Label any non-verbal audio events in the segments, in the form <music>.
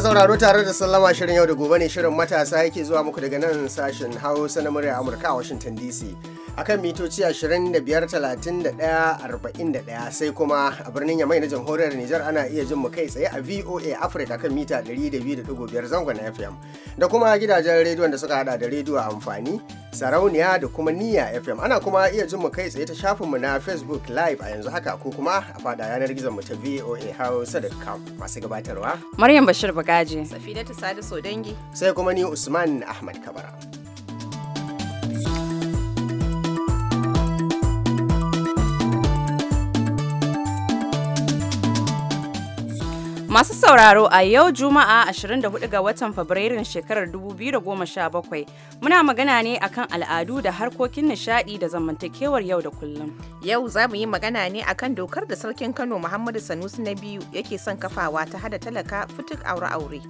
sauraro tare da sallama shirin yau da gobe ne shirin matasa yake zuwa muku daga nan sashen hausa na murya amurka a washington dc akan mitoci 25,31,41 sai kuma a birnin Yamai na jamhuriyar Nijar ana iya jin mu kai tsaye a VOA Africa kan mita 102.5 zangon FM da kuma gidajen rediyon da suka hada da rediyo a amfani sarauniya da kuma niya FM ana kuma iya jin mu kai tsaye ta shafinmu na Facebook Live a yanzu haka ko kuma a fada yanar gizon mu ta VOA Hausa.com masu gabatarwa Maryam Bashir Bagaji Safida Sadu dangi. sai kuma ni Usman Ahmad Kabara sauraro a yau Juma'a 24 ga watan Fabrairun shekarar 2017 muna magana ne akan al'adu da harkokin nishadi da zamantakewar yau da kullum. Yau za mu yi magana ne akan dokar da sarkin Kano Muhammadu Sanusi na biyu yake son kafawa ta hada talaka fituk aure-aure.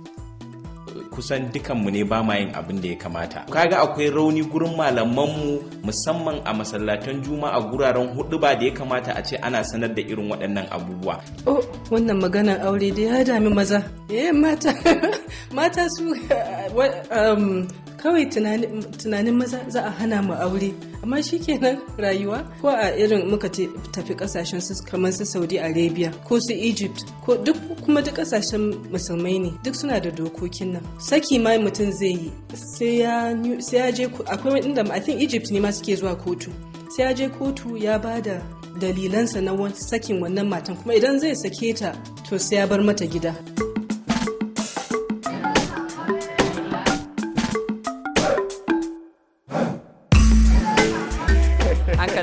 kusan dukanmu ne ba ma yin abin da ya kamata kaga akwai rauni gurin malamanmu musamman a masallatan juma'a guraren hudu ba da ya kamata a ce ana sanar da irin waɗannan abubuwa oh wannan maganar aure da ya dami maza eh mata <laughs> mata su <laughs> um, kawai tunanin maza za a hana mu aure amma shi kenan rayuwa ko a irin muka tafi kasashen su kamar su saudi arabia ko su egypt ko duk kuma duk kasashen musulmai ne duk suna da dokokin nan saki ma mutum zai yi sai ya je akwai inda i think egypt ne ma suke zuwa kotu sai ya je kotu ya ba da dalilansa na sakin wannan matan kuma idan zai sake ta to sai ya bar mata gida.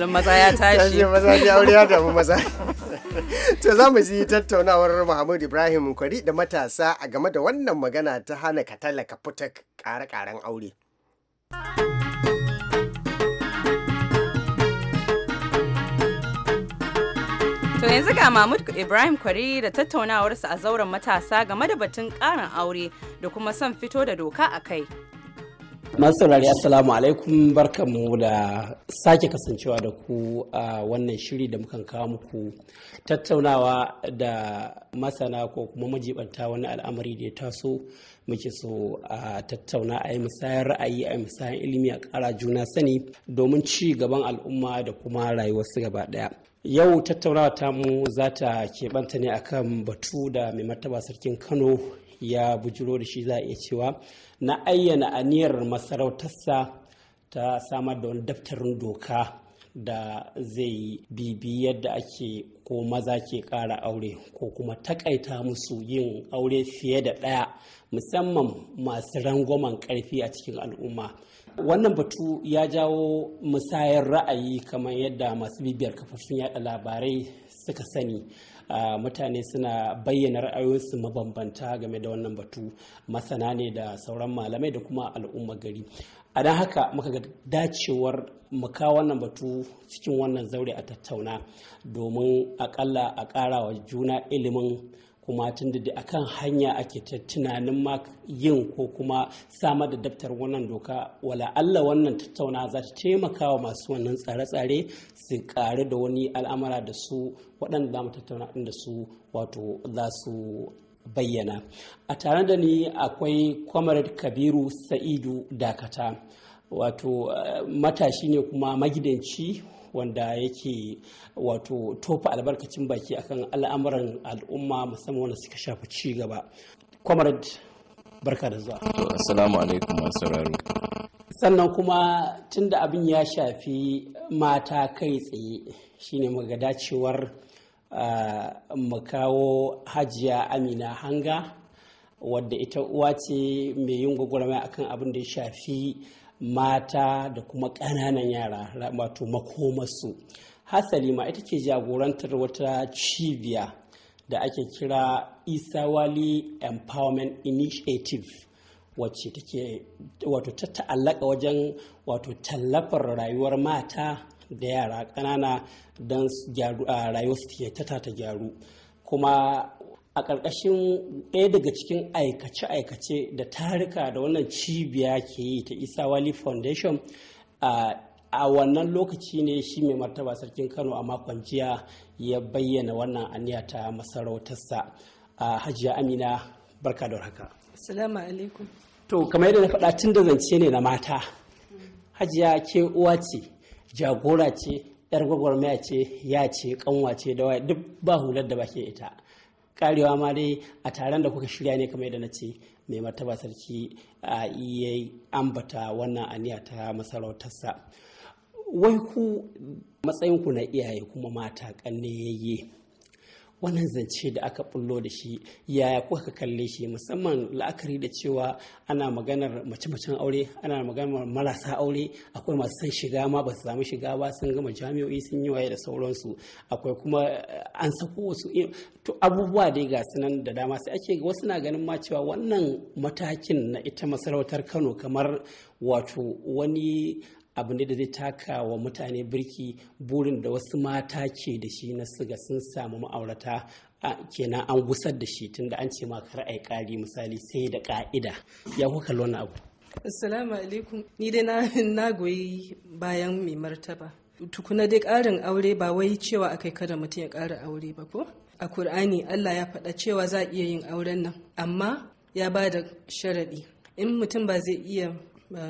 maza ya tashi maza ya aure ya damu maza to za mu yi tattaunawar Muhammad Ibrahim Kwari da matasa a game da wannan magana ta hana ka talaka fita ƙare-ƙaren aure. To yanzu ga Mahmud Ibrahim Kwari da tattaunawarsa a zauren matasa game da batun ƙarin aure da kuma son fito da doka a kai. masu saurari assalamu alaikum barkanmu da sake kasancewa da ku a wannan shiri da mukan kawo muku tattaunawa da masana ko kuma majibanta wani al'amari da ya taso muke so a tattauna a yi musayar ra'ayi a yi musayar ilimi a kara juna sani domin ci gaban al'umma da kuma rayuwarsu gaba ɗaya yau tattaunawa tamu za ta keɓanta ne akan batu da mai martaba sarkin kano ya bujiro da shi za a iya cewa na ayyana aniyar masarautarsa ta samar da wani daftarin doka da zai bibi yadda ake ko maza ke ƙara aure ko kuma takaita musu yin aure fiye da ɗaya musamman masu rangwamen ƙarfi a cikin al'umma wannan batu ya jawo musayar ra'ayi kamar yadda masu bibiyar kafafun yada labarai suka sani mutane suna bayyana ra'ayoyinsu mabambanta game da wannan batu masana ne da sauran malamai da kuma al'umma gari a don haka muka ga dacewar muka wannan batu cikin wannan zaure a tattauna domin akalla a ƙara wa juna ilimin kuma tun da akan hanya ake ta tunanin ma yin ko kuma samar da daftar wannan doka wala Allah wannan tattauna za ta taimaka wa masu wannan tsare-tsare su ƙaru da wani al'amura da su waɗanda za mu tattauna da su wato za su bayyana a tare da ni akwai comrade kabiru sa'idu dakata wato eh, matashi ne kuma magidanci wanda yake wato tofa albarkacin baki akan al'amuran al'umma musamman wanda suka shafi ci gaba comrade barka da zuwa assalamu alaikum masu sannan kuma tunda abin ya shafi mata kai tsaye shine muga dacewar mu kawo hajiya amina hanga wadda ita uwa ce mai yin gwagwarmaya akan abin da ya shafi mata da kuma ƙananan yara wato makomarsu hasali ma ita ke jagorantar wata cibiya da ake kira isawali empowerment initiative wacce take wato ta ta'allaka wajen wato tallafar rayuwar mata da yara ƙanana don rayuwarsu ta ta gyaru kuma a ƙarƙashin ɗaya daga cikin aikace-aikace da tarika da wannan cibiya ke yi ta isa wali foundation a wannan lokaci ne shi mai martaba sarkin kano a makon jiya ya bayyana wannan aniya ta masarautarsa hajiya amina barka da haka assalamu alaikum to kamar yadda na faɗa tun da zance ne na mata hajiya ke uwa ce jagora ce yar gwagwarmaya ce ya ce kanwa ce da duk ba hular da ba ita karewa ma dai a taron da kuka shirya ne kamar yadda na ce mai martaba sarki a iya ambata wannan aniya ta masarautarsa wai ku matsayinku na iyaye kuma mata kanne yayye wannan zance da aka bullo da shi yaya kuka kalle shi musamman la'akari da cewa ana maganar mace-macen aure ana maganar marasa aure akwai masu san shiga ma ba su samu shiga ba sun gama jami'o'i sun yi waye da sauransu akwai kuma eh, an sako wasu abubuwa dai ga sunan da dama sai ake wasu na ganin ma cewa wannan matakin na ita masarautar kano kamar wato wani abu ne da zai taka wa mutane birki burin da wasu mata ke da shi na siga sun samu ma'aurata kenan an gusar da shi tunda an ce makar ai kari misali sai da ka'ida ya kuka lona abu assalamu alaikum ni dai na goyi bayan mai martaba tukuna dai ƙarin aure ba wai cewa akai kada mutum ya ƙara aure ba ko a Kur'ani Allah ya faɗa cewa za a iya yin auren nan amma ya ba da sharaɗi in mutum ba zai iya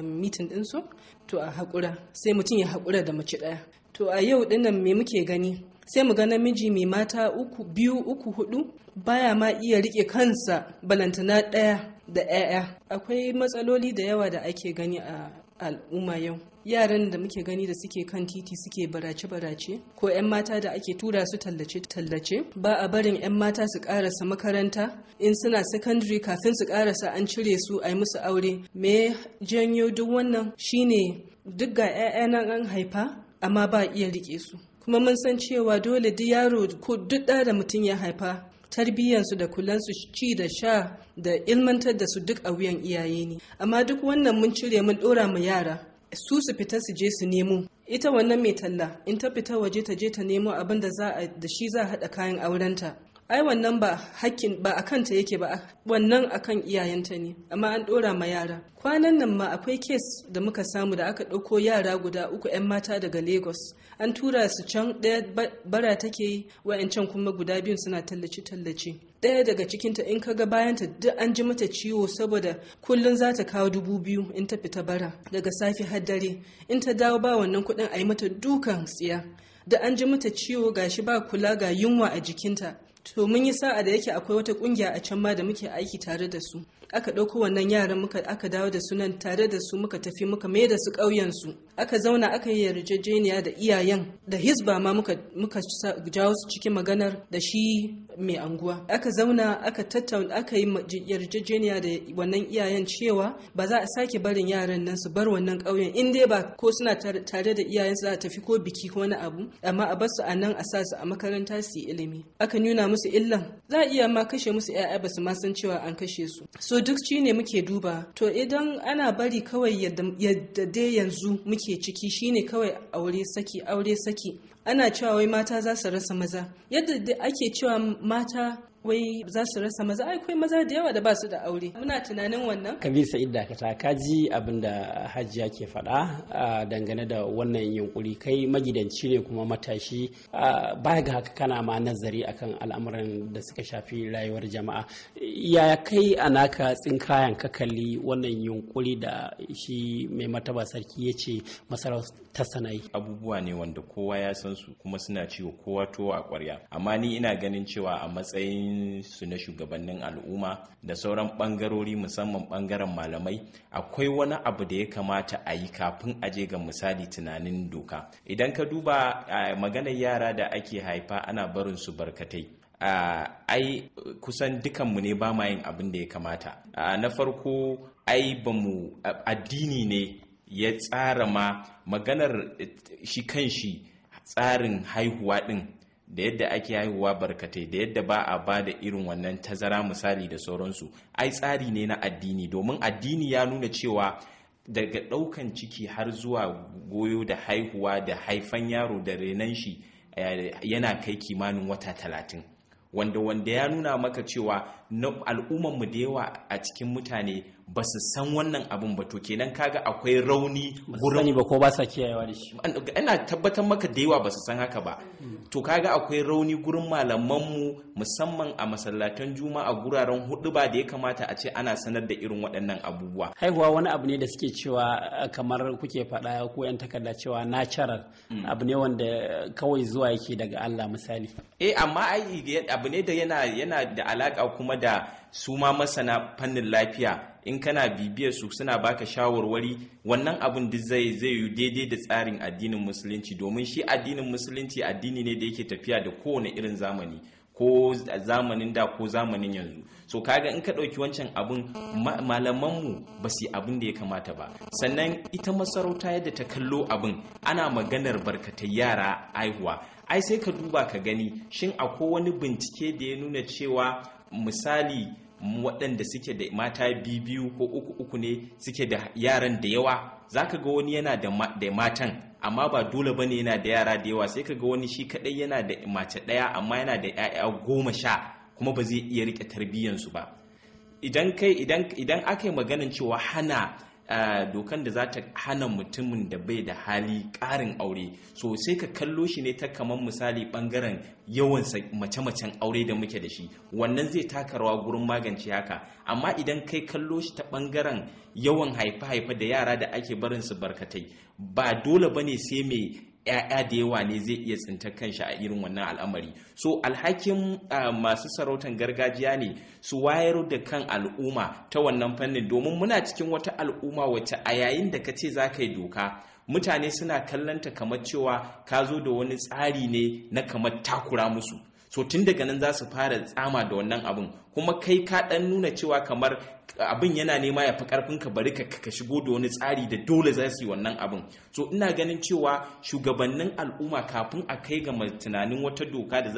mitin um, ɗinsu to a haƙura sai mutum ya haƙura da mace ɗaya to a yau ɗinnan me muke gani sai mu ga namiji mai mata uku biyu uku hudu baya ma iya rike kansa balantana ɗaya da 'ya'ya akwai matsaloli da yawa da ake gani a al'umma yau yaran da muke gani da suke kan titi suke barace-barace ko 'yan mata da ake tura su tallace-tallace ba a barin 'yan mata su karasa makaranta in suna secondary kafin su karasa an cire su a yi musu aure me janyo duk wannan shine duk ga 'ya'yan an haifa amma ba iya rike su kuma mun san cewa dole duk yaro ko duk da da mutum ya haifa tarbiyyansu da kulansu ci da sha da ilmantar da su duk a wuyan iyaye ne amma duk wannan mun cire mun ɗora mu yara su su fita su je su nemo ita wannan mai talla in ta fita waje ta je ta nemo abin da za a da shi za a haɗa kayan aurenta ai wannan ba hakkin ba a kanta yake ba wannan a kan iyayenta ne amma an dora ma yara kwanan nan ma akwai kes da muka samu da aka ɗauko yara guda uku 'yan mata daga lagos an tura su can ɗaya bara take yi wa'yancan kuma guda biyun suna tallace-tallace ɗaya daga cikinta in kaga bayanta duk an ji mata ciwo saboda kullum za ta kawo dubu biyu in ta fita bara daga safe har dare in ta dawo ba wannan kuɗin a yi mata dukan tsiya da an ji mata ciwo gashi ba kula ga yunwa a jikinta to mun yi sa'a da yake akwai wata kungiya a can ma da muke aiki tare da su aka ɗauko wannan yaran muka aka dawo da su nan tare da su muka tafi muka mai da su ƙauyen su aka zauna aka yi yarjejeniya da iyayen da hisba ma muka muka jawo su cikin maganar da shi mai anguwa aka zauna aka tattauna aka yi yarjejeniya da wannan iyayen cewa ba za a sake barin yaran nan su bar wannan ƙauyen in dai ba ko suna tare da iyayen su za a tafi ko biki ko wani abu amma a bar su a nan a sa su a makaranta su yi ilimi aka nuna musu illan za a iya ma kashe musu 'ya'ya ba su ma san cewa an kashe su so duk shi ne muke duba to idan ana bari kawai yadda dai yanzu muke ciki shine kawai aure saki aure saki ana cewa wai mata za su rasa maza yadda ake cewa mata wai za su rasa maza akwai maza da yawa da ba su da aure muna tunanin wannan kabir sa'id kata ka ji abin da hajiya ke faɗa dangane da wannan yunkuri kai magidanci ne kuma matashi baya ga haka kana ma nazari akan al'amuran da suka shafi rayuwar jama'a Ya kai a naka tsinkayan ka kalli wannan yunkuri da shi mai mataba sarki ya ce masarautar sanayi abubuwa ne wanda kowa ya san su kuma suna ciwo kowa to a kwarya amma ni ina ganin cewa a matsayin matsayin su na shugabannin al'umma da sauran bangarori musamman bangaren malamai akwai wani abu da ya kamata a yi kafin a je ga misali tunanin doka idan ka duba maganar yara da ake haifa ana barin su barkatai ai kusan dukanmu ne ba ma yin abin da ya kamata na farko ai ba mu addini ne ya tsara ma maganar eh, shi kan shi tsarin haihuwa din da yadda ake haihuwa barkatai da yadda ba a ba da irin wannan tazara misali da sauransu ai tsari ne na addini domin addini ya nuna cewa daga ɗaukan ciki har zuwa goyo da haihuwa da haifan yaro da renan shi eh, yana kai kimanin wata talatin wanda wanda ya nuna maka cewa na al'umman mu da yawa a cikin mutane ba su san wannan abun ba to kenan kaga akwai rauni gurin ba ko ba sa kiyayewa da shi ina tabbatar maka da yawa ba su san haka ba hmm. to kaga akwai rauni gurin malaman mu musamman a masallatan juma'a guraren hudu ba da ya kamata a ce ana sanar da irin waɗannan abubuwa haihuwa wani abu ne da suke cewa eh, kamar kuke faɗa ko yan takarda cewa natural hmm. abu ne wanda kawai zuwa yake daga Allah misali eh amma ai abu ne da yana yana da alaka kuma da su ma masana fannin lafiya in kana bibiyar su suna baka shawarwari wannan abin duk zai zai yi daidai da tsarin addinin musulunci domin shi addinin musulunci addini ne da yake tafiya da kowane irin zamani ko zamanin da ko zamanin yanzu so kaga in ka ɗauki wancan abin malamanmu ba su yi abin da ya kamata ba sannan ita masarauta yadda ta kallo abin ana maganar barkatai yara aihuwa ai sai ka duba ka gani shin akwai wani bincike da ya nuna cewa misali waɗanda suke da mata biyu ko uku uku ne suke da yaran da yawa za ka ga wani yana da matan amma ba dole bane yana da yara da yawa sai ka ga wani shi kaɗai yana da mace ɗaya amma yana da 'ya'ya goma sha kuma ba zai iya riƙe tarbiyyansu ba idan idan aka yi maganin cewa hana dokan da za ta hana mutumin da bai da hali ƙarin aure so sai ka kallo shi ne ta kamar misali bangaren yawan mace-macen aure da muke da shi wannan zai taka rawa gurin magance haka amma idan kai kallo shi ta ɓangaren yawan haife-haife da yara da ake barin su barkatai ba dole bane sai mai 'ya'ya da yawa ne zai iya tsinta kanshi a irin wannan al'amari so alhakin ah, masu sarautan gargajiya ne su wayar da kan al'umma ta wannan fannin domin muna cikin wata al'umma wacce a yayin da ka ce za ka yi doka mutane suna kallanta kamar cewa ka zo da wani tsari ne na kamar takura musu so tun daga nan za su fara tsama da wannan abin kuma kai ka dan nuna cewa kamar abin yana nema ya fi karfin ka bari ka ka shigo da wani tsari da dole za su yi wannan abin so ina ganin cewa shugabannin al'umma kafin a kai ga tunanin wata doka da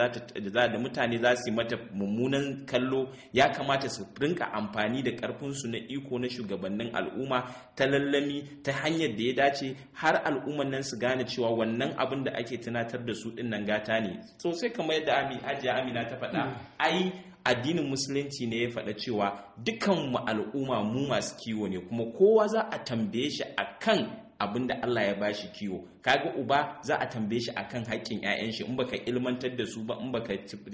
za da mutane za su yi mata mummunan kallo ya kamata su rinka amfani da karfin na iko na shugabannin al'umma ta lallami ta hanyar da ya dace har al'umman nan su gane cewa wannan abin da ake tunatar da su din nan gata ne sosai kamar yadda Ajiya Amina ta faɗa mm. ai addinin musulunci ne ya faɗa cewa dukan mu al'umma mu masu kiwo ne kuma kowa za a tambaye shi a kan abin da Allah ya bashi kiwo kaga uba za a tambaye shi akan haƙƙin 'ya'yan shi in baka ilmantar da su ba in baka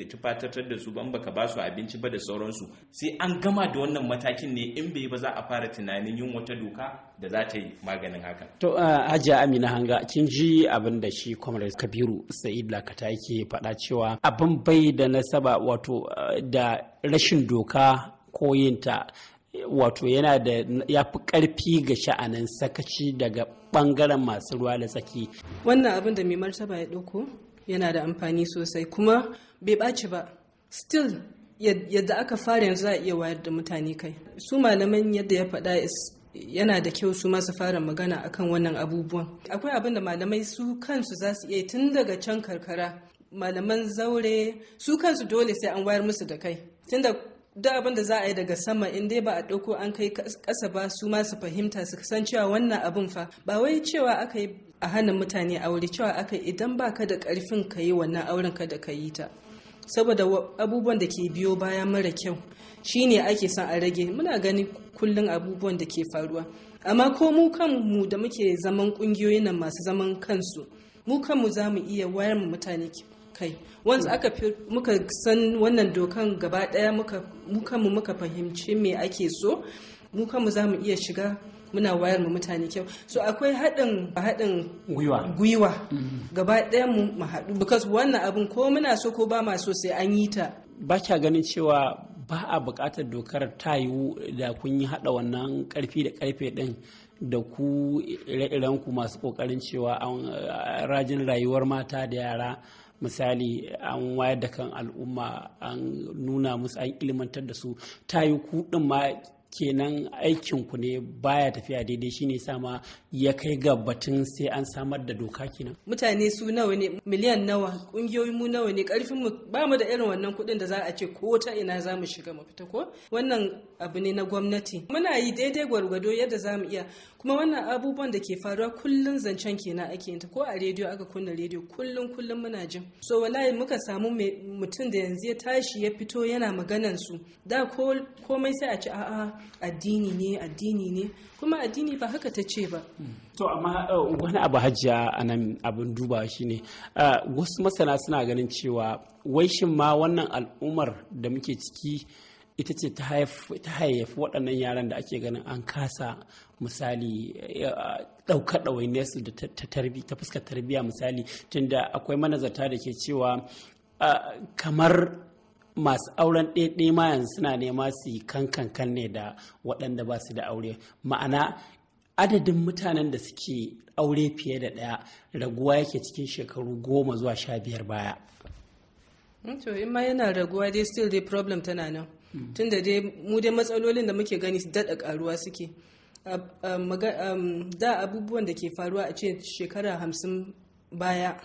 tufatar da su ba in baka ba su abinci ba da sauransu sai an gama da wannan matakin ne in bai ba za a fara tunanin yin wata doka da za ta yi maganin haka to hajiya amina hanga kin ji abin da shi comrade kabiru sa'id lakata yake faɗa cewa abin bai da nasaba wato da rashin doka koyinta wato yana da ya fi karfi ga sha'anin sakaci daga bangaren masu ruwa da tsaki wannan abin da mai martaba ya ɗauko yana da amfani sosai kuma bai ɓaci ba still yadda aka fara yanzu za a iya wayar da mutane kai su malaman yadda ya faɗa yana da kyau su masu fara magana akan wannan abubuwan akwai abin da malamai su kansu za su iya tun daga can karkara malaman zaure su kansu dole sai an wayar musu da kai tunda duk abin da za a yi daga sama in dai ba a ɗauko an kai ƙasa ba su ma su fahimta su san cewa wannan abin fa ba wai cewa aka yi a hannun mutane aure cewa aka yi idan ba ka da ƙarfin ka yi wannan auren ka da ka yi ta saboda abubuwan da ke biyo baya mara kyau shine ake son a rage muna gani kullum abubuwan da ke faruwa amma ko mu kanmu da muke zaman ƙungiyoyin nan masu zaman kansu mu kanmu za mu iya wayar mu mutane kai wanzu hmm. aka fi muka san wannan dokan gaba daya muka mu muka fahimci me ake so mu kanmu za mu iya shiga muna wayar mu mutane kyau so akwai haɗin haɗin gwiwa hmm. gaba daya mu haɗu because wannan abin ko muna so ko ba ma so sai an yi ta ba kya ganin cewa ba a buƙatar dokar ta yiwu da kun yi haɗa wannan ƙarfi da ƙarfe ɗin da ku ire-irenku masu ƙoƙarin cewa an rajin rayuwar mata da yara misali an wayar da kan al'umma an nuna musu an ilmantar da su ta yi kuɗin ma kenan aikinku ne baya tafiya daidai shine sama ya kai ga batun sai an samar da doka kenan mutane su nawa ne miliyan nawa kungiyoyi mu nawa ne karfin mu ba mu da irin wannan kuɗin da za a ce ko ta ina za mu shiga mafita ko wannan abu ne na gwamnati muna yi daidai gwargwado yadda za mu iya kuma wannan abubuwan da ke faruwa kullum zancen kenan ake yin ta ko a rediyo aka kunna rediyo kullum-kullum muna jin so wallahi muka samu mutum da yanzu ya tashi ya fito yana maganan su da komai sai a ci a'a addini ne addini ne kuma addini ba haka ta ce ba hmm. to amma uh, wani abu hajjiya a nan abin duba shi ne uh, wasu masana suna ganin cewa wai shin ma wannan al'ummar da muke ciki ita ce ta hayyafi waɗannan yaran da ake ganin an kasa misali eh, ɗaukar ɗawainiyarsu da ta fuskar tarbiyya misali tunda akwai manazarta da ke cewa kamar masu auren ɗaiɗai ma yanzu suna nema su yi kankan ne da waɗanda ba su da aure ma'ana adadin mutanen da suke aure fiye da ɗaya raguwa yake cikin shekaru goma zuwa sha biyar baya. in ma yana raguwa dai still dai problem tana nan tunda dai mu dai matsalolin da muke gani daɗa ƙaruwa suke da abubuwan da ke faruwa a ce shekara hamsin baya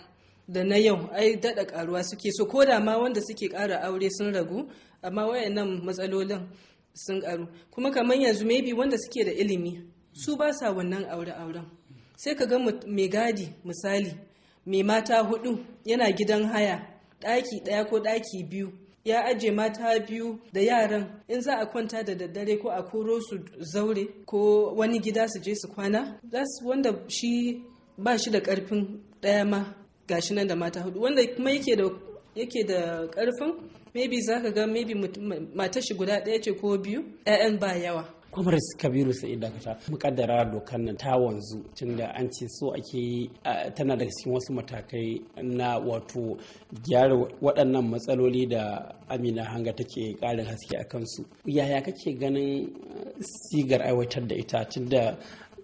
da na yau ai daɗa karuwa suke so ko da ma wanda suke ƙara aure sun ragu amma wayannan matsalolin sun ƙaru kuma kamar yanzu maybe wanda suke da ilimi su ba sa wannan aure-auren sai ka ga mai gadi misali mai mata hudu yana gidan haya ɗaki ɗaya ko ɗaki biyu ya aje mata biyu da yaran in za a kwanta da daddare ko a koro su zaure ko wani gida su je su kwana wanda shi ba shi da karfin ɗaya ma gashi nan da mata hudu wanda kuma yake da da karfin maybe za ka ga maybe matashi guda ɗaya ce ko biyu 'ya'yan ba yawa kwamar kabiru sa'id dakata mukaddara dokar nan ta wanzu tunda an ce so ake yi tana daga cikin wasu matakai na wato gyara waɗannan matsaloli da amina hanga take ƙarin haske a kansu yaya kake ganin uh, sigar aiwatar da ita tunda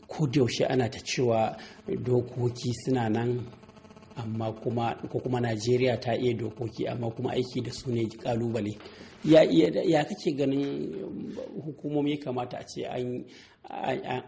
ko da yaushe ana ta cewa dokoki suna nan amma kuma ko kuma najeriya ta iya dokoki amma kuma aiki da su ne kalubale ya kake ganin hukumomi kamata a ce an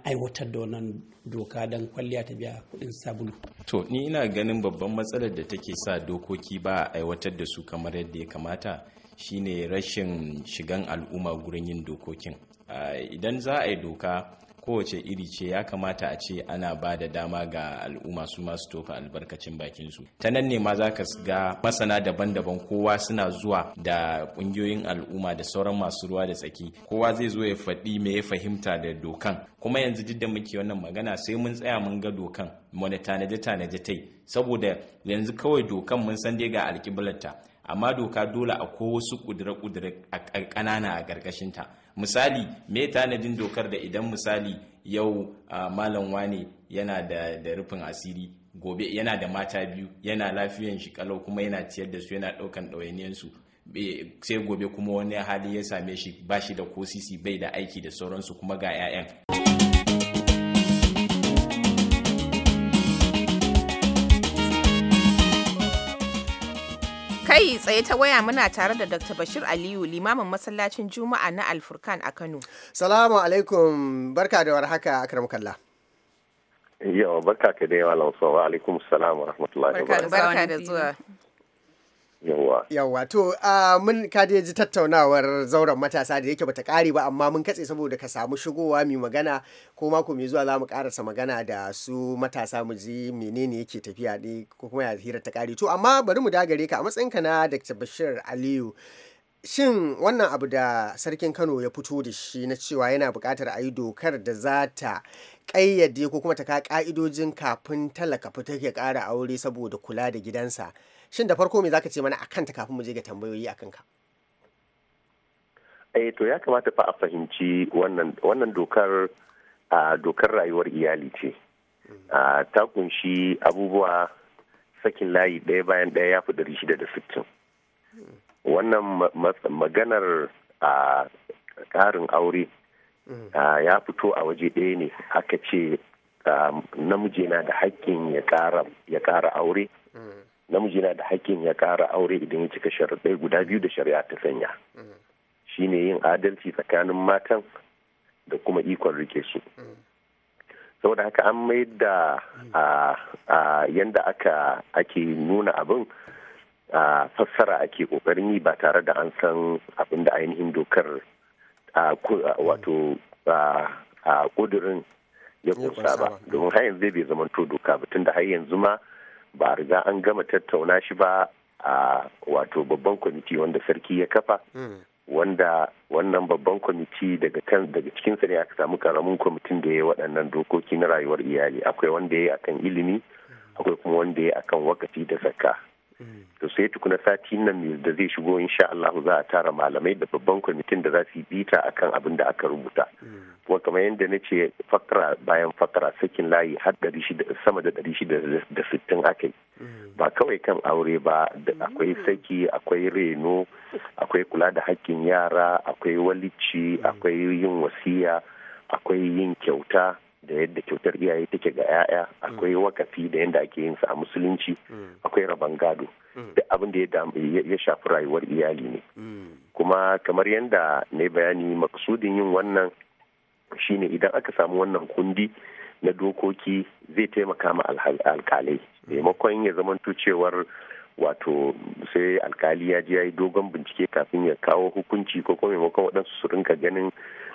aiwatar da wannan doka don kwalliya ta biya kudin sabulu to ni ina ganin babban matsalar da take sa dokoki ba a aiwatar da su kamar yadda ya kamata shine rashin shigan al'umma gurin yin dokokin ah, idan za a yi doka kowace iri ce ya kamata a ce ana ba da dama ga al'umma su masu tofa albarkacin bakin su ta nan ne ma za ka ga masana daban-daban kowa suna zuwa da ƙungiyoyin al'umma da sauran masu ruwa da tsaki kowa zai zo ya faɗi me ya fahimta da dokan kuma yanzu duk da muke wannan magana sai mun tsaya mun ga dokan mana tanaje-tanaje tai saboda yanzu kawai dokan mun san dai ga alƙiblarta amma doka dole a ko wasu kudura a ƙanana a gargashinta misali me tanadin dokar da idan misali yau malam wane yana da rufin asiri gobe yana da mata biyu yana lafiyan shi kalau kuma yana ciyar da su yana ɗaukan ɗawainiyansu sai gobe kuma wani hali ya same shi ba shi da ko sisi bai da aiki da sauransu kuma ga 'ya'yan. Kai tsaye ta waya muna tare da Dr. Bashir Aliyu limamin masallacin Juma'a na Alfurkan a Kano. Salamu alaikum barka da warhaka akram kalla Yawa barka ka da yawa lausawa wa alaikum salam wa rahmatullahi wa Barka da zuwa. yawwa to to mun ka ji tattaunawar zauren matasa da yake bata kare ba amma mun katse saboda ka samu shigowa mai magana ko mako mai zuwa za mu karasa magana da su matasa mu ji menene yake tafiya ne ko kuma ya hira ta kare to amma bari mu dagare ka a matsayinka na Dr. Bashir Aliyu shin wannan abu da sarkin Kano ya fito da shi na cewa yana bukatar a yi dokar da za ta kayyade ko kuma ta ka ka'idojin kafin talaka fita ke kara aure saboda kula da gidansa shin da farko me zaka ce mana akan ta kafin mu je ga tambayoyi akan ka eh to ya kamata fa a fahimci wannan wannan dokar a dokar rayuwar iyali ce hmm. ta kunshi abubuwa sakin layi ɗaya bayan ɗaya ya fi ɗari shida da sittin hmm. wannan maganar a ƙarin aure hmm. ya fito a waje ɗaya ne aka ce namiji na da haƙƙin ya ƙara aure namiji na da hakkin ya kara aure idan ya cika sharaɗai guda biyu da shari'a ta sanya shine yin adalci tsakanin matan da kuma ikon rike su saboda haka an mai da yadda aka ake nuna abin a fassara ake kokarin yi ba tare da an san abin da ainihin dokar wato kudurin ya kusa ba domin har yanzu bai zama to doka ba tun da har yanzu ma ba a riga an gama tattauna shi ba a wato babban kwamiti wanda sarki ya kafa hmm. wanda wannan babban kwamiti daga kan cikin ne aka samu karamin kwamitin da ya yi waɗannan dokoki na rayuwar iyali akwai wanda ya yi akan ilimi hmm. akwai kuma wanda ya yi akan wakafi da zakka Mm. to sai tukuna sati nan da zai shigo insha Allah za a tara malamai da babban kwamitin da za su yi bita akan abin da aka rubuta mm. kuma kamar yadda na ce fakara bayan fakara sakin layi har sama da ɗari shida da sittin aka yi mm. ba kawai kan aure ba akwai saki akwai reno akwai kula da hakkin yara akwai walici akwai yin wasiya akwai yin kyauta da yadda kyautar iyaye take ga 'ya'ya akwai mm. wakafi da yadda ake yin sa a musulunci mm. akwai rabon gado mm. duk abin da ya shafi rayuwar iyali ne kuma kamar yadda na bayani maksudin yin wannan shine idan aka samu wannan kundi na dokoki zai taimaka ma alkalai maimakon ya zamanto cewar wato sai alkali ya ji ya yi dogon bincike kafin ya kawo hukunci ko kuma maimakon waɗansu su rinka ganin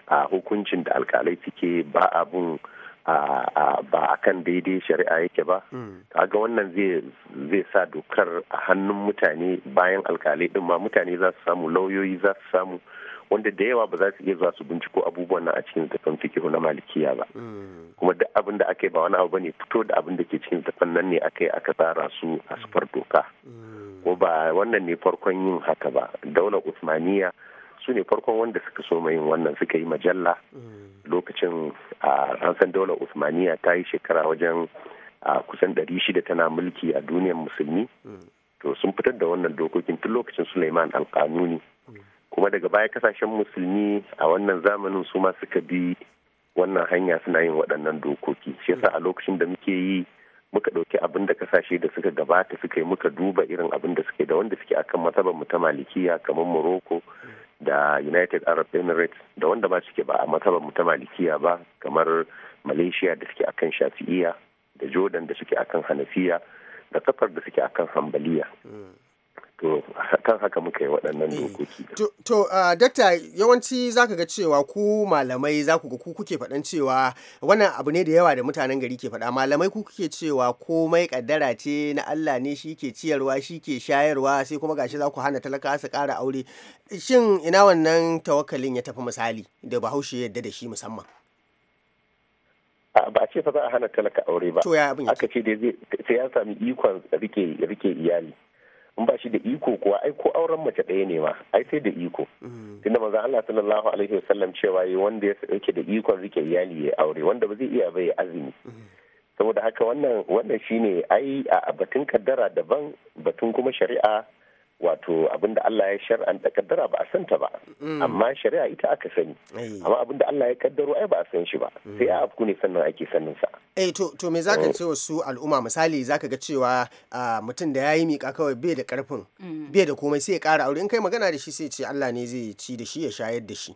a hukuncin da alkalai suke ba abun ba a kan daidai shari'a yake ba hmm. ga wannan zai sa dokar a hannun mutane bayan alkalai din ma mutane za su samu lauyoyi za su samu wanda da yawa ba za su iya zuwa su binciko abubuwan nan a cikin tafan fikihu na malikiya ba hmm. kuma duk abin da aka yi ba wani abu bane fito da abin da ke cikin tafan nan ne aka yi aka tsara su a hmm. sufar doka hmm. ko ba wannan ne farkon yin haka ba daular usmaniya su ne farkon wanda suka so yin wannan suka yi majalla lokacin an san daular usmaniya ta yi shekara wajen a kusan ɗari shida tana mulki a duniyar musulmi to sun fitar da wannan dokokin tun lokacin suleiman alkanuni kuma daga baya kasashen musulmi a wannan zamanin su ma suka bi wannan hanya suna yin waɗannan dokoki shi yasa a lokacin da muke yi muka ɗauki abin da kasashe da suka gabata suka yi muka duba irin abin da suke da wanda suke akan matsabar mu ta malikiya kamar morocco da united arab emirates da wanda ba suke ba a matsabar mu ta malikiya ba kamar malaysia da suke akan shafi'iya da jordan da suke akan hanafiya da kafar da suke akan hambaliya mm. to <laughs> kan haka muka yi waɗannan eh. dokoki to dakta yawanci zaka ga cewa ku malamai za ku ga ku kuke faɗan cewa wannan abu ne da yawa da mutanen gari ke faɗa malamai ku kuke cewa komai kaddara ce na Allah ne shi ke ciyarwa shi ke shayarwa sai kuma gashi za ku hana talaka su ƙara aure shin ina wannan tawakkalin ya tafi misali da bahaushe yadda da shi musamman ba a ce fa za a hana talaka aure ba aka ce dai sai ya sami ikon rike iyali in ba shi da iko kuwa ai ko auren mace ɗaya ne ma ai sai da iko mm. tunda maza Allah sallallahu alaihi wasallam cewa yi wanda ya yake da ikon rike iyali ya aure wanda ba zai iya bai azumi mm. saboda haka wannan wannan shine ai a batun kaddara daban batun kuma shari'a wato abinda Allah ya da kaddara ba a santa ba mm. amma shari'a ita aka sani amma abinda Allah ya kaddaro ai ba a san shi ba mm. sai a afku ne sannan ake sanin sa eh to to me zaka eh. ce wasu al'umma misali zaka ga cewa ah, mutum da yayi mika kawai bai da karfin mm. bai da komai sai ya kara aure in kai magana da shi sai ce Allah ne zai ci da shi ya shayar da shi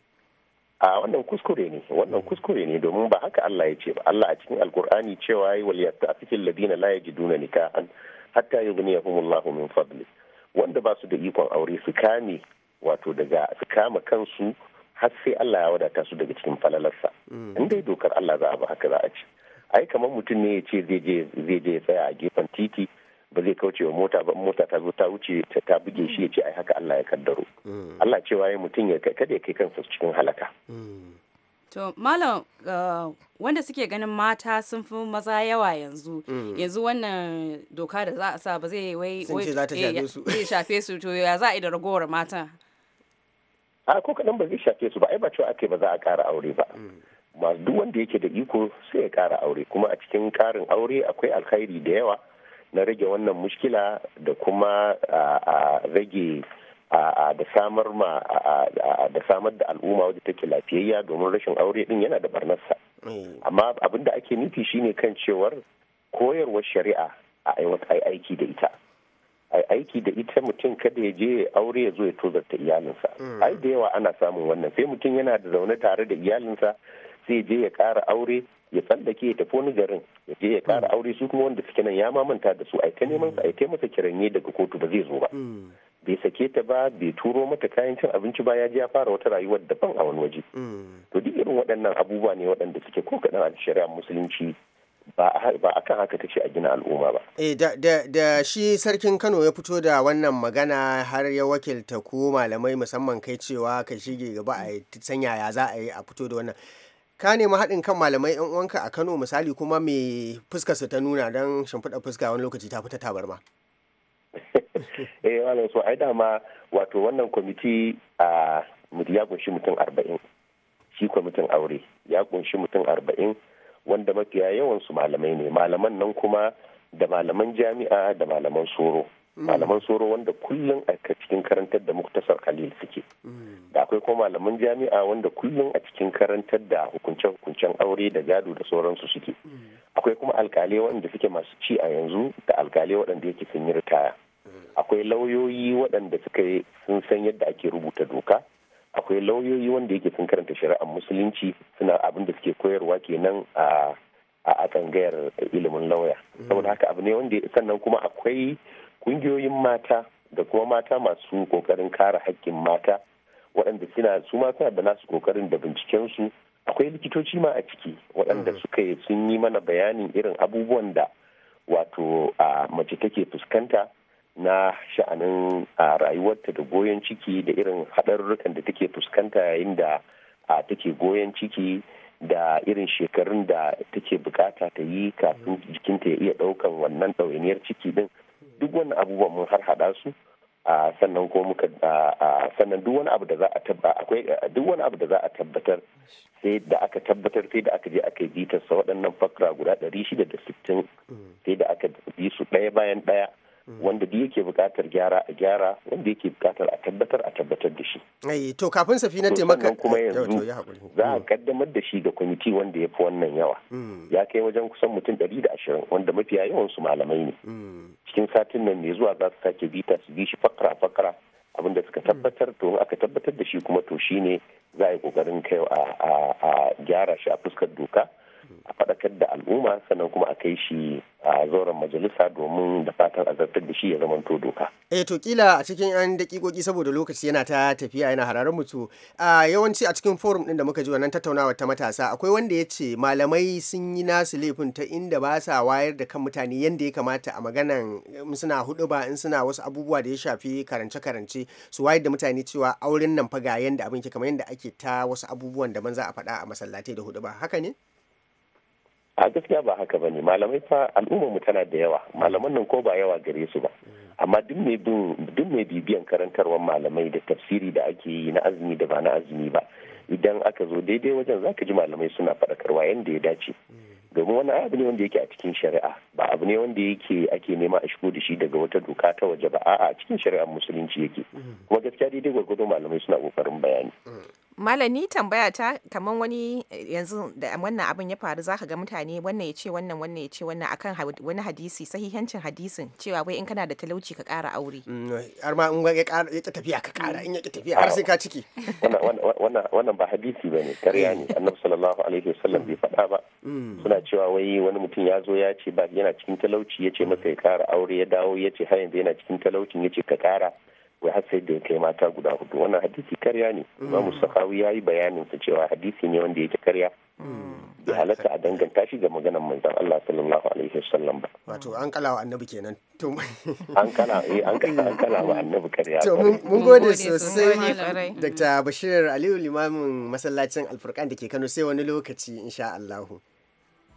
a wannan kuskure ne wannan kuskure ne domin ba haka Allah ya ce ba Allah a cikin alkur'ani cewa wal yattafikil ladina la yajiduna nikahan hatta yughniyahumullahu min fadlihi wanda ba su da ikon aure su kame wato daga su kama kansu har sai Allah ya wadata su daga cikin falalarsa mm. in dai dokar Allah za a ba haka za a ci ai kamar mutum ne ya ce zai je ya tsaya a gefen titi ba zai kauce wa mota ba mota ta zo ta wuce ta buge shi ya ce ai haka Allah ya kaddaro mm. Allah cewa ya mutum ya kada ya kai kansa cikin halaka mm. To malam uh, wanda suke ganin mata sun fi maza yawa yanzu mm. yanzu wannan doka da za a sa ba zai wai eh, zai shafe su to ya za a yi da ragowar mata. a ko kadan ba zai shafe su ba ai ba cewa ake ba za a ƙara aure ba mm. masu duk wanda yake da iko sai ya ƙara aure kuma a cikin ƙarin aure akwai alkhairi da yawa na rage wannan mushkila da kuma a rage da samar da samar da al'umma wadda take lafiyayya domin rashin aure din yana da barnarsa eh. amma abin da ake nufi shine kan cewar koyarwar shari'a a aiki da ita ai aiki da ita mutum kada ya je aure ya zo ya ta iyalinsa hmm. ai da yawa ana samun wannan sai mutum yana da zaune tare da iyalinsa sai je ya ƙara aure ya tsallake ya tafi wani garin ya je ya ƙara hmm. aure su kuma wanda suke nan ya mamanta da su ai ta neman ai ta masa kiranye daga kotu ba zai zo ba hmm. bai sake ta ba bai turo mata kayan cin abinci ba ya ji ya fara wata rayuwar daban a wani waje to duk irin waɗannan abubuwa ne waɗanda suke ko kaɗan a shari'a musulunci ba a kan haka ta ce a gina al'umma ba. Eh, da, shi sarkin Kano ya fito da wannan magana har ya wakilta ko malamai musamman kai cewa ka shige gaba a sanya ya za a yi a fito da wannan. Ka nemi haɗin kan malamai 'yan uwanka a Kano misali kuma me fuskarsa ta nuna don shimfiɗa fuska wani lokaci ta fita tabarma. <laughs> eh wannan so ai dama wato wannan kwamiti a ya kunshi mutum arba'in shi kwamitin aure ya kunshi mutum arba'in wanda mafiya yawan su malamai ne malaman nan kuma da malaman jami'a da malaman soro Mm. malaman soro wanda kullum a cikin karantar da muktasar khalil suke mm. da akwai kuma malaman jami'a wanda kullum a cikin karantar da hukunce-hukuncen aure da gado da sauransu suke mm. akwai kuma alkalai wanda suke masu ci a yanzu da alkalai waɗanda yake sun yi ritaya akwai lauyoyi waɗanda suka sun san yadda ake rubuta doka akwai lauyoyi wanda yake sun karanta shari'ar musulunci suna abin da suke koyarwa kenan a a tsangayar ilimin lauya saboda haka abu ne wanda sannan kuma akwai kungiyoyin mata da kuma mata masu kokarin kare hakkin mata waɗanda suna su ma suna da nasu kokarin da binciken su akwai likitoci ma a ciki waɗanda mm-hmm. suka yi sun yi mana bayanin irin abubuwan da wato a mace take fuskanta na sha'anin a rayuwarta da goyon ciki da irin haɗarurrukan da take fuskanta yayin da a take goyon ciki da irin shekarun da take bukata ta yi kafin mm-hmm. jikinta ya iya ɗaukan wannan ɗawainiyar ciki din duk wani abubuwan mun har hada su sannan ko muka duk wani abu da za a tabba duk wani abu da za a tabbatar sai da aka tabbatar sai da aka je aka jita sa waɗannan fakra guda ɗari shida da sittin mm. sai da aka bi su ɗaya bayan ɗaya Mm. wanda da yake bukatar gyara a gyara wanda yake bukatar a tabbatar a tabbatar da shi. Ai to kafin safinan taimaka kuma yanzu za a kaddamar mm. da shi ga kwamiti wanda ya fi wannan yawa. Mm. Ya kai wajen kusan mutum ɗari da ashirin wanda mafiya yawan su malamai ne. Cikin satin nan mai zuwa za su sake bita su bi shi fakara fakara abin da suka tabbatar to aka tabbatar da shi kuma to shi ne za a yi kokarin kai a gyara shi a fuskar doka. a faɗakar da al'umma sannan kuma a kai shi a zauren majalisa domin da fatan a zartar da shi ya zama doka. Eh to kila a cikin yan dakikoki saboda lokaci yana ta tafiya yana hararin mutu. A yawanci a cikin forum din da muka ji wannan tattaunawa ta matasa akwai wanda ya ce malamai sun yi nasu laifin ta inda ba sa wayar da kan mutane yadda ya kamata a magana in suna hudu ba in suna wasu abubuwa da ya shafi karance-karance su wayar da mutane cewa auren nan fa ga yanda abin ke kamar yadda ake ta wasu abubuwan da man za a faɗa a masallatai da hudu ba haka ne? a gaskiya ba haka bane ne malamai fa al'ummar mu tana da yawa malaman nan ko ba yawa gare su ba amma duk mai bin duk mai bibiyan karantarwar malamai da tafsiri da ake yi na azumi da ba na azumi ba idan aka zo daidai wajen zaka ji malamai suna faɗakarwa yadda ya dace domin wani abu ne wanda yake a cikin shari'a ba abu ne wanda yake ake nema a shigo da shi daga wata doka ta waje ba a'a cikin shari'ar musulunci yake kuma gaskiya daidai gwargwado malamai suna kokarin bayani malami tambaya ta kamar wani eh, yanzu da wannan abin ya faru zaka ga mutane wannan ya ce wannan wannan ya ce wannan akan wani hadisi sahihancin hadisin cewa wai in kana da talauci ka kara aure mm, har ma in ya ƙi tafiya ka ƙara mm. in ya ƙi tafiya har sai ka ciki wannan ba hadisi ba ne karya ne eh. annabi sallallahu alaihi wasallam bai faɗa ba mm. suna cewa wai wani mutum ya zo ya ce ba yana cikin talauci ya ce masa ya ƙara aure ya dawo ya ce har yanzu yana cikin talaucin ya ce ka ƙara wai har sai da ya kai mata guda hudu wannan hadisi karya ne mm. imamu sahawi ya yi bayanin sa cewa hadisi ne wanda yake karya da mm. halatta a danganta shi ga maganar manzon Allah sallallahu alaihi wasallam ba wato an kalawa annabi kenan to an kala eh an kala an kala wa annabi karya to mun gode sosai Dr. Bashir Aliyu limamin masallacin Alfurkan da ke Kano sai wani lokaci insha Allah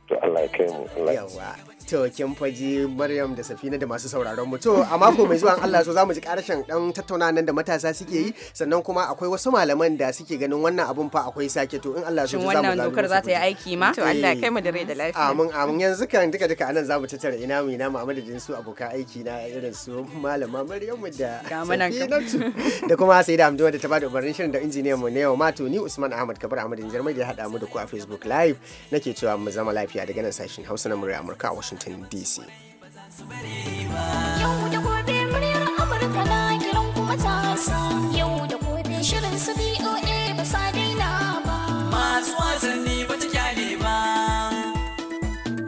to Allah ya kai mu Allah yawa to kin faji maryam da safina da masu sauraron mu to a mako mai zuwa Allah so zamu ji karshen dan tattauna nan da matasa suke yi sannan kuma akwai wasu malaman da suke ganin wannan abun fa akwai sake to in Allah so zamu wannan dokar za ta yi aiki ma to Allah eh. kai mu da rai da lafiya amin amin yanzu kan duka duka anan zamu tattara ina mu ina mu din su abokan aiki na irin su malama maryamu da da kuma sai da amduwa da ta bada umarnin shirin da injiniyan mu ne yau ma to ni Usman Ahmad Kabir Ahmad Jarmai da ya hada mu da ku a Facebook live nake cewa mu zama lafiya daga nan sashin Hausa na murya Amurka a washington dc Yau da gobe muryar Amurka na kiran Masu wasanni ba ta ba.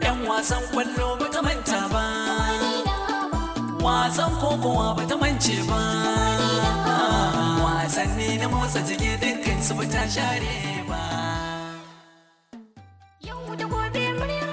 Yan wasan kwallo ba ba. Wasan kokowa ba ta mance ba. Wasanni na motsa jiki dukkan su ba ta share ba. Yau da gobe muryar